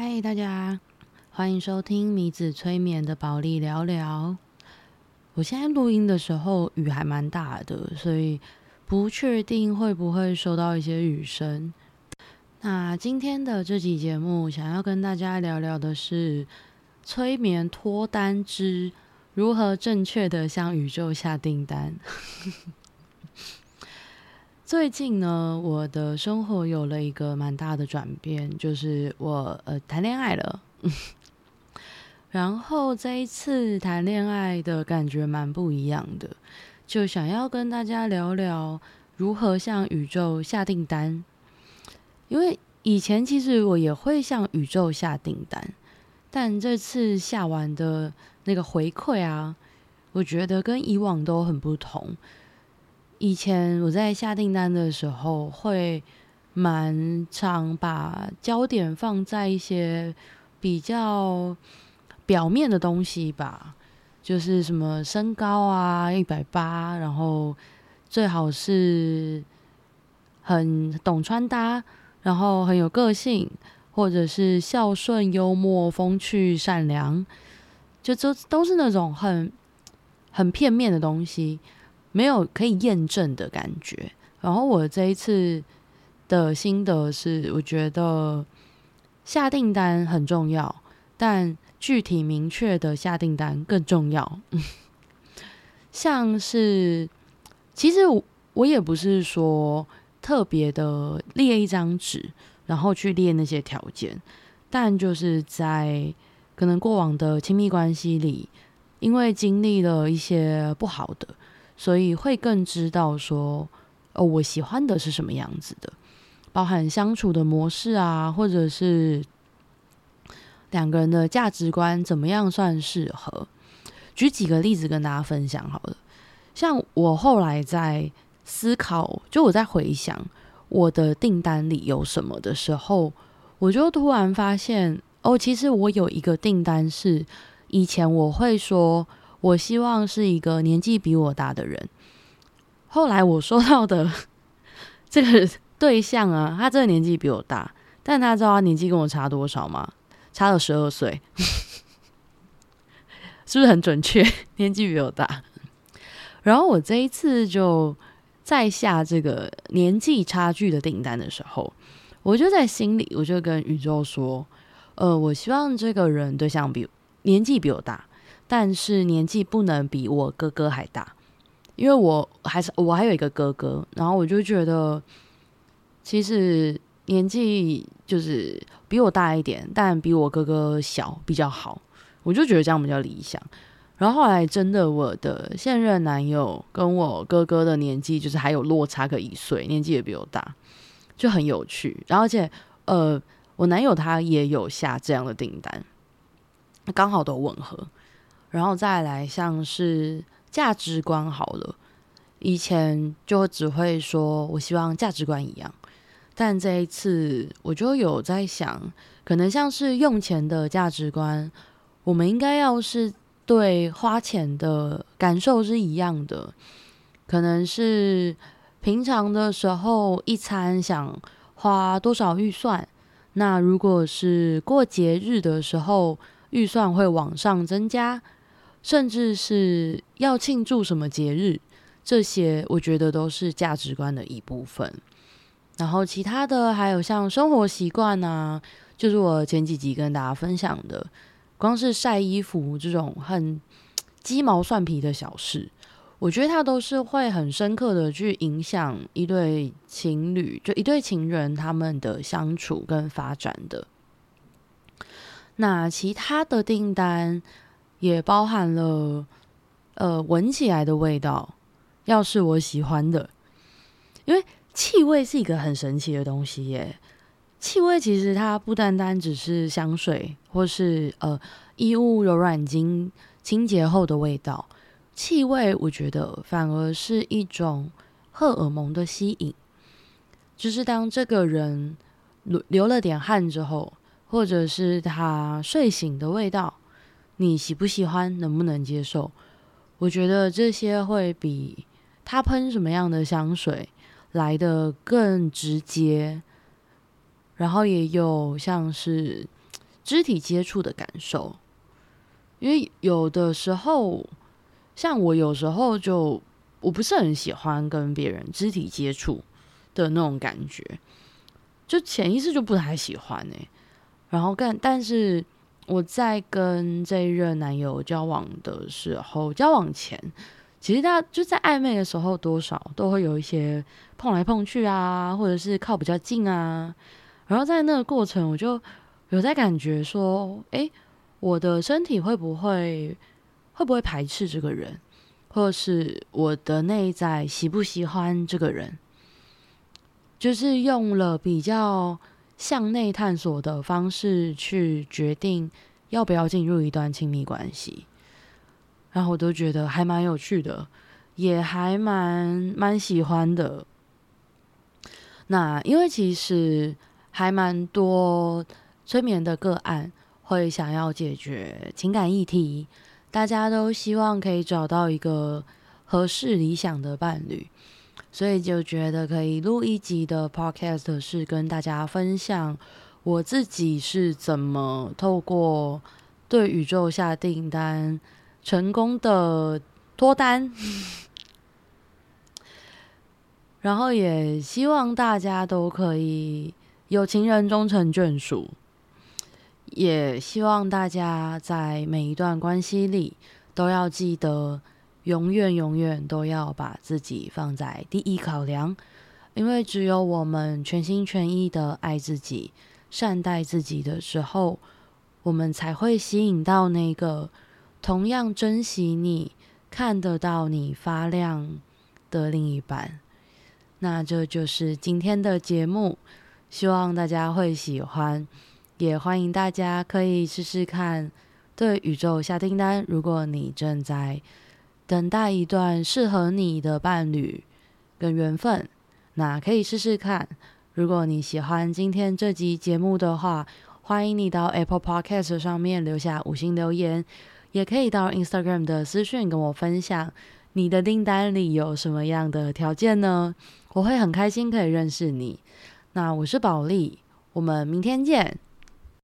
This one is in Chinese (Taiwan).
嗨，Hi, 大家歡迎收聽米子催眠的寶莉聊聊。我現在錄音的時候雨還蠻大的，所以不確定會不會收到一些雨聲。那今天的這期節目，想要跟大家聊聊的是催眠脫單之如何正確的向宇宙下訂單。 最近呢，我的生活有了一個蠻大的轉變，就是我呃談戀愛了。 然後這一次談戀愛的感覺蠻不一樣的，就想要跟大家聊聊如何向宇宙下訂單。因為以前其實我也會向宇宙下訂單，但這次下完的那個回饋啊，我覺得跟以往都很不同。以前我在下訂單的時候，會蠻常把焦點放在一些比較表面的東西吧，就是什麼身高啊，一百八，然後最好是很懂穿搭，然後很有個性，或者是孝順、幽默、風趣、善良，就都都是那種很很片面的東西。沒有可以驗證的感覺。然後我這一次的心得是，我覺得下訂單很重要，但具體明確的下訂單更重要。 像是，其實我，我也不是說特別的列一張紙，然後去列那些條件，但就是在可能過往的親密關係裡，因為經歷了一些不好的。所以會更知道說，哦，我喜歡的是什麼樣子的，包含相處的模式啊，或者是兩個人的價值觀怎麼樣算適合。舉幾個例子跟大家分享好了。像我後來在思考，就我在回想我的訂單裡有什麼的時候，我就突然發現，哦，其實我有一個訂單是以前我會說。我希望是一個年紀比我大的人。後來我說到的這個對象啊，他這個年紀比我大，但他知道他年紀跟我差多少嗎？差了十二歲， 是不是很準確？年紀比我大。然後我這一次就在下這個年紀差距的訂單的時候，我就在心裡，我就跟宇宙說：“呃，我希望這個人對象比年紀比我大。”但是年紀不能比我哥哥還大，因為我還是我還有一個哥哥，然後我就覺得其實年紀就是比我大一點，但比我哥哥小比較好，我就覺得這樣比較理想。然後後來真的，我的現任男友跟我哥哥的年紀就是還有落差個一歲，年紀也比我大，就很有趣。然後而且呃，我男友他也有下這樣的訂單，剛好都吻合。然後再來像是價值觀好了，以前就只會說我希望價值觀一樣，但這一次我就有在想，可能像是用錢的價值觀，我們應該要是對花錢的感受是一樣的，可能是平常的時候一餐想花多少預算，那如果是過節日的時候，預算會往上增加。甚至是要慶祝什麼節日，這些我覺得都是價值觀的一部分。然後其他的還有像生活習慣啊，就是我前幾集跟大家分享的，光是曬衣服這種很雞毛蒜皮的小事，我覺得它都是會很深刻的去影響一對情侶，就一對情人他們的相處跟發展的。那其他的訂單。也包含了，呃，聞起來的味道，要是我喜歡的，因為氣味是一個很神奇的東西耶。氣味其實它不單單只是香水，或是呃衣物柔軟精清潔後的味道。氣味我覺得反而是一種荷爾蒙的吸引，就是當這個人流流了點汗之後，或者是他睡醒的味道。你喜不喜歡？能不能接受？我覺得這些會比他噴什麼樣的香水來得更直接，然後也有像是肢體接觸的感受，因為有的時候，像我有時候就我不是很喜歡跟別人肢體接觸的那種感覺，就潛意識就不太喜歡呢、欸。然後但但是。我在跟這一任男友交往的時候，交往前，其實大家就在曖昧的時候，多少都會有一些碰來碰去啊，或者是靠比較近啊。然後在那個過程，我就有在感覺說，哎、欸，我的身體會不會會不會排斥這個人？或者是我的內在喜不喜歡這個人？就是用了比較。向內探索的方式去決定要不要進入一段親密關係，然後我都覺得還蠻有趣的，也還蠻蠻喜歡的。那因為其實還蠻多催眠的個案會想要解決情感議題，大家都希望可以找到一個合適理想的伴侶。所以就覺得可以錄一集的 podcast，是跟大家分享我自己是怎麼透過對宇宙下訂單成功的脫單，然後也希望大家都可以有情人終成眷屬，也希望大家在每一段關係裡都要記得。永遠永遠都要把自己放在第一考量，因為只有我們全心全意的愛自己、善待自己的時候，我們才會吸引到那個同樣珍惜你、看得到你發亮的另一半。那這就是今天的節目，希望大家會喜歡，也歡迎大家可以試試看對宇宙下訂單，如果你正在等待一段適合你的伴侶跟緣分，那可以試試看。如果你喜歡今天這集節目的話，歡迎你到 Apple Podcast 上面留下五星留言，也可以到 Instagram 的私訊跟我分享你的訂單裡有什麼樣的條件呢？我會很開心可以認識你。那我是寶莉，我們明天見。